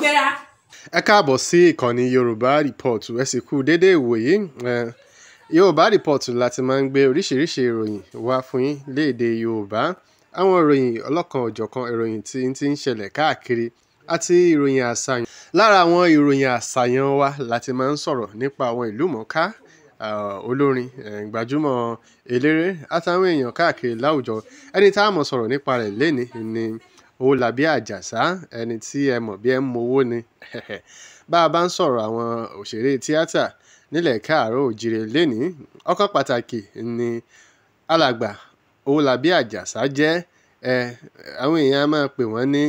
gbéra. ẹ káàbọ̀ sí ìkànnì yorùbá report ẹ sì kú déédéé ìwòyí yorùbá report láti máa ń gbé oríṣiríṣi ìròyìn wá fún yín léèdè yorùbá àwọn ìròyìn ọlọ́kan òjọ̀kan ìròyìn tí ń ti ń ṣẹlẹ̀ káàkiri àti ìròyìn àṣàyàn lára àwọn ìròyìn àṣàyàn wa láti máa ń sọ̀rọ̀ nípa àwọn ìlú mọ̀ọ́ká olórin gbajúmọ̀ eléré àtàwọn èèyàn káàkiri láwùjọ ẹni tá a mọ̀ sọ̀rọ̀ nípa rẹ̀ léni ni ọ̀làbí àjàsà ẹni tí ẹ mọ̀ bí ẹ ń mowó ni bá a bá ń sọ̀rọ̀ àwọn òṣèré tíátà nílẹ̀ káàárọ̀ òjìrè lẹ́nìí ọkọ̀ pàtàkì ni alàgbà ọ̀làbí àjàsà jẹ́ ẹ àwọn èèyàn máa pè wọ́n ní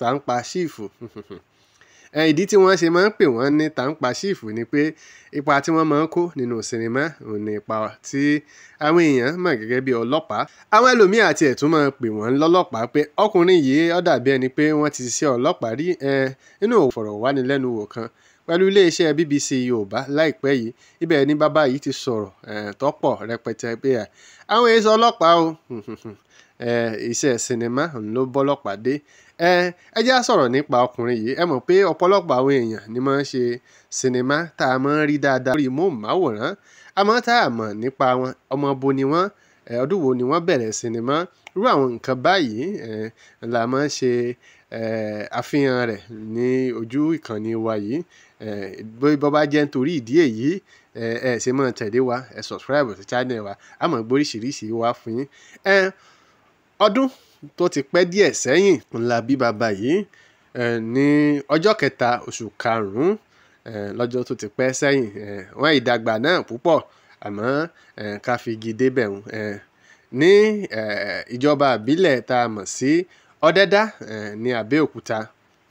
tàǹpà ṣìfù ìdí tí wọ́n ṣe máa ń pè wọ́n ní tàǹpàṣífù ni pé ipa tí wọ́n máa ń kó nínú sinimá òun ni ipa tí àwọn èèyàn mọ̀ gẹ́gẹ́ bí ọlọ́pàá àwọn ẹlòmíín àti ẹ̀tún máa pè wọ́n lọ́lọ́pàá pé ọkùnrin yìí ó dàbí ẹni pé wọ́n ti ṣiṣẹ́ ọlọ́pàá rí nínú ìfọ̀rọ̀wánilẹ́nuwò kan pẹ̀lú iléeṣẹ́ BBC Yorùbá láìpẹ́ yìí ibẹ̀ ni bàbá yìí ti sọ̀rọ̀ tọ́pọ̀ rẹpẹtẹ pé àwọn èso ọlọ́pàá o iṣẹ́ sinimá ló bọ́lọ́pàá dé ẹ já sọ̀rọ̀ nípa ọkùnrin yìí ẹ mọ̀ pé ọ̀pọ̀lọpọ̀ àwọn èèyàn ni máa ń ṣe sinimá tá a máa ń rí dáadáa lórí móhùnmáwòrán àmọ́ tá a mọ̀ nípa wọn ọmọ bo ni wọ́n ọdún wo ni wọ́n bẹ̀rẹ̀ sinimá irú àwọn nǹkan báyìí la máa ń ṣe àfihàn rẹ̀ ní ojú ìkànnì wa yìí bó bá jẹ́ nítorí ìdí èyí ẹ ṣe máa tẹ̀lé wa ẹ subscribe sí channel wa a máa gbóríṣiríṣi wá fún yín ọdún tó ti pẹ́ díẹ̀ sẹ́yìn ńlá bí bàbá yìí ní ọjọ́ kẹta oṣù karùn-ún lọ́jọ́ tó ti pẹ́ sẹ́yìn wọ́n ìdàgbà náà púpọ̀ àmọ́ ká fi igi débẹ̀ hùn ní ìjọba àbílẹ̀ tá a mọ̀ sí ọ̀dẹ́dá ní Abẹ́òkúta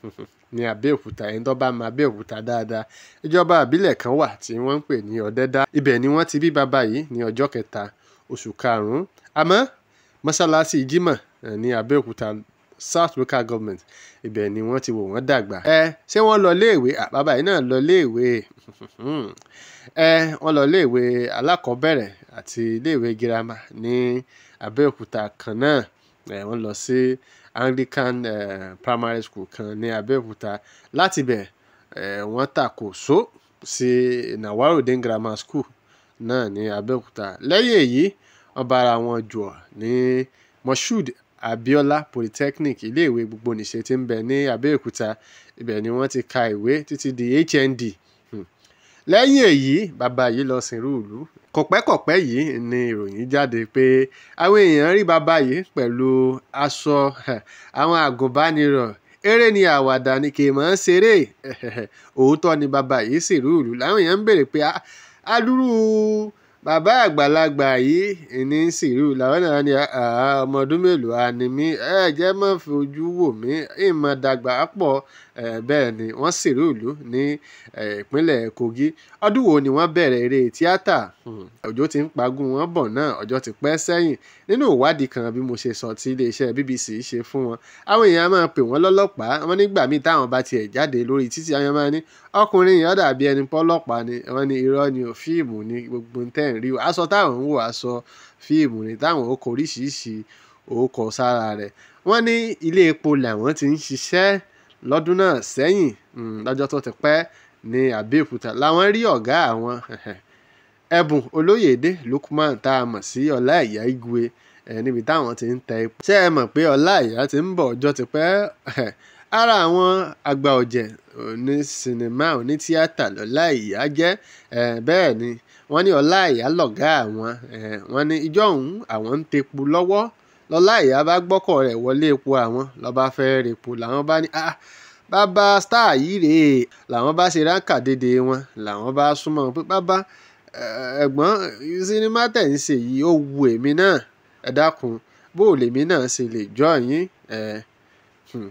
ní Abẹ́òkúta ẹni tó bá mọ Abẹ́òkúta dáadáa ìjọba àbílẹ̀ kan wà tí wọ́n ń pè ní ọ̀dẹ́dá ibẹ̀ ni wọ́n ti bí bàbá yìí ní ọjọ́ kẹta oṣù karùn-ún àmọ́ mọ́ṣáláṣí jimoh eh, ní abẹ́òkúta south local government ibẹ̀ ni wọ́n ti wò wọ́n dàgbà. ẹ ṣé wọ́n lọ léèwé bàbá yìí náà lọ léèwé ẹ wọ́n lọ léèwé alákọ̀ọ́bẹ̀rẹ̀ àti léèwé girama ní abẹ́òkúta kan náà ẹ wọ́n lọ sí anglican eh, primary school kan ní abẹ́òkúta láti bẹ̀ eh, wọ́n tàkò só sí si, nawarudin grammar school náà ní abẹ́òkúta lẹ́yìn èyí. E wọ́n bára wọn jọ ní Moshood Abiola Polytechnic iléèwé gbogbonìṣe tí ń bẹ ní Abẹ́òkúta ibẹ̀ ni wọ́n ti ka ìwé títí di HND hmm. lẹ́yìn èyí bàbá yìí lọ sìnrú ìlú kọ̀pẹ́kọ̀pẹ́ yìí ni ìròyìn jáde pé àwọn èèyàn rí bàbá yìí pẹ̀lú aṣọ eh, àwọn àgùnbánirọ̀ eré ni àwàdà ni kì í mọ̀ ọ́n ṣeré eh, eh, òótọ́ ni bàbá yìí sìnrú ìlú làwọn èèyàn ń béèrè pé alúrú ah, bàbá àgbàlagbà yìí ní sìrú làwọn náà ní ọmọ ọdún mélòó ni mí ẹ jẹ́ mọ́ fojú wò mí ìmọ̀ dàgbà pọ̀ bẹ́ẹ̀ ni wọ́n ṣèrú ìlú ní ìpínlẹ̀ Kogi ọdún wo ni wọ́n bẹ̀rẹ̀ eré tíátà hmm, òjò ti ń pagún wọn bọ̀ náà ọjọ́ ti pẹ́ sẹ́yìn nínú ìwádìí kan bí mo ṣe sọ tí iléeṣẹ́ BBC ṣe fún wọn àwọn èèyàn máa pè wọ́n lọ́lọ́pàá wọn nígbà míì táwọn bá tiẹ̀ jáde lórí títí àwọn máa ní ọkùnrin yìí ó dàbí ẹni pọ́lọ́pàá ni wọ́n ní irọ́ ni ò fíìmù ni gbogbo tẹ́ ń rí aṣọ táwọn ń wò aṣọ fíìmù ni táwọn ó kọ oríṣiríṣi òókọ sára rẹ̀ wọ́n ní ilé epo làwọn ti ń ṣiṣẹ́ lọ́dún náà sẹ́yìn mm, lọ́jọ́ tó ti pẹ́ ní Abẹ́òkúta làwọn rí ọ̀gá àwọn ẹ̀bùn olóyèdè Lukman tá a mọ̀ sí Ọláìyá Igwe níbi táwọn ti ń tẹ ipò. ṣé ẹ mọ̀ pé Ọláìyá ti ń bọ̀ ọjọ́ ti pẹ́ ara àwọn àgbà ọ̀jẹ̀ ní sinimá oní tíátà lọ́láìyá jẹ́ bẹ́ẹ̀ ni wọ́n ní Ọláìyá lọ̀gá àwọn wọ́n ní ijọ́ òun àwọn ń tepu lọ́wọ́ lọ́lá ìyá bá gbọ́kọ̀ rẹ̀ wọlé epo àwọn lọ́ba fẹ́ repo làwọn bá ní ah bàbá star yìí rèé làwọn bá ṣe ráńkà dédé wọn làwọn bá súnmọ́ pé bàbá ẹ̀gbọ́n sinimá tẹ̀ ń ṣe yìí ó wu èmi náà ẹ dákun bó o lèmi náà ṣe lè jọ yín ẹ hmm.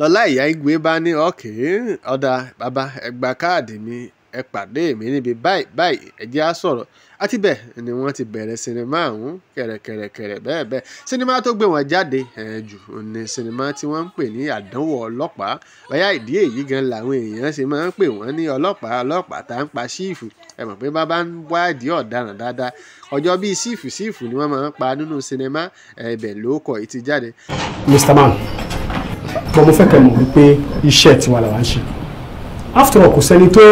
lọ́lá ìyá igwe bá ní ọ̀kẹ́ ọ̀dà bàbá ẹ gba káàdì mi ẹ pàdé mi níbi báyìí báyìí ẹ á sọ̀rọ̀ àti bẹ́ẹ̀ ni wọ́n ti bẹ̀rẹ̀ sinimá ọ̀hún kẹ̀rẹ̀kẹ̀rẹ̀kẹ̀rẹ̀ bẹ́ẹ̀ bẹ́ẹ̀ sinimá tó gbé wọn jáde jù ní sinimá tí wọ́n ń pè ní àdánwò ọlọ́pàá báyà ìdí èyí gan làwọn èèyàn ṣe máa ń pè wọ́n ní ọlọ́pàá ọlọ́pàá tá ń pa síìfù ẹ mọ̀ pé bàbá ń wádìí ọ̀daràn dáadáa ọjọ́ bíi síìfù síìfù ni wọ́n máa ń pa nínú sinimá ẹ̀bẹ̀ lóókọ̀ ìti jáde. Mr. Man bọ́ mo fẹ́ kẹ́ mọ̀ wípé iṣẹ́ tiwa làwa ń ṣe after all kò sẹ́ni tó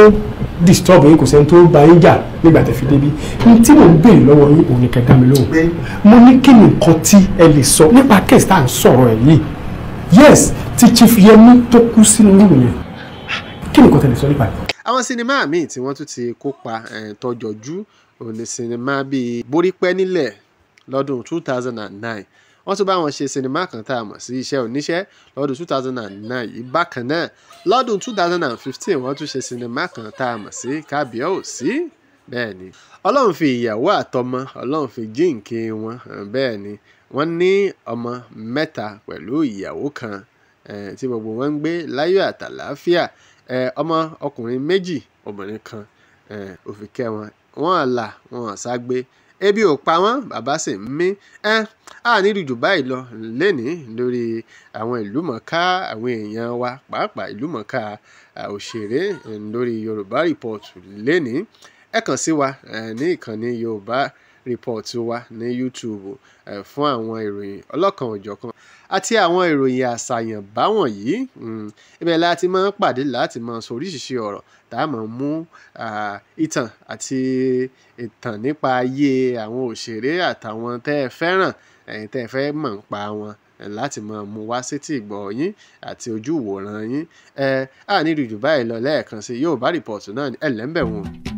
disturb yín kò sẹ́ni tó bá yín jà nígbà tẹ́ fi débi n tí mò ń béèrè lọ́wọ́ yín òun ni kẹ́ dá mi lóhùn mo ní kí ni nǹkan tí ẹ lè sọ nípa case tá à ń sọ̀rọ̀ ẹ̀ yìí yes ti Chief Yemi tó kú sínú rúùmù yẹn kí ni nǹkan tẹ́ lè sọ nípa ẹ̀. àwọn sinimá míì tí wọ́n tún ti kópa tọjọ́jú òní sinimá bíi borípẹ́ nílẹ̀ lọ́dún two thousand and nine wọ́n tún bá wọn ṣe sinimá kan tá a mọ̀ sí iṣẹ́ oníṣẹ́ lọ́dún 2009 yìí bákan náà lọ́dún 2015 wọ́n tún ṣe sinimá kan tá a mọ̀ sí kábíyèsí bẹ́ẹ̀ ni ọlọ́run fi ìyàwó àtọmọ ọlọ́run fi jíǹkí wọn bẹ́ẹ̀ ni wọ́n ní ọmọ mẹ́ta pẹ̀lú ìyàwó kan tí gbogbo wọn ń gbé láyọ̀ àtàlàáfíà ọmọ ọkùnrin méjì obìnrin kan òfìkẹ́ wọn wọn là wọn àṣàgbé ebi ò pa wọ́n bàbá sì ń mí ẹ́ a nílùú dubai lọ lẹ́nìí lórí àwọn ìlú mọ̀ọ́ká àwọn èèyàn wa pàápàá ìlú mọ̀ọ́ká òṣèré lórí yorùbá report lẹ́nìí ẹ kàn sí wa ní ìkànnì yorùbá report wa ní YouTube fún àwọn ìròyìn ọlọ́kan òjọ̀kan àti àwọn ìròyìn àṣàyàn báwọn yìí hmm, ibẹ̀ láti máa ń pàdé láti máa sọ oríṣiríṣi ọ̀rọ̀ tá a máa mú ìtàn àti ìtàn nípa ayé àwọn òṣèré àtàwọn tẹ́ ẹ fẹ́ràn ẹ̀yin tẹ́ ẹ fẹ́ mọ̀ ń pa wọn láti máa mú wá sétí ìgbọ́ yín àti ojú ìwòran yín ẹ á ní ìrìjù báyìí lọ lẹ́ẹ̀kan sí Yorùbá Report náà ẹ̀lẹ́m̀bẹ̀wọ̀n.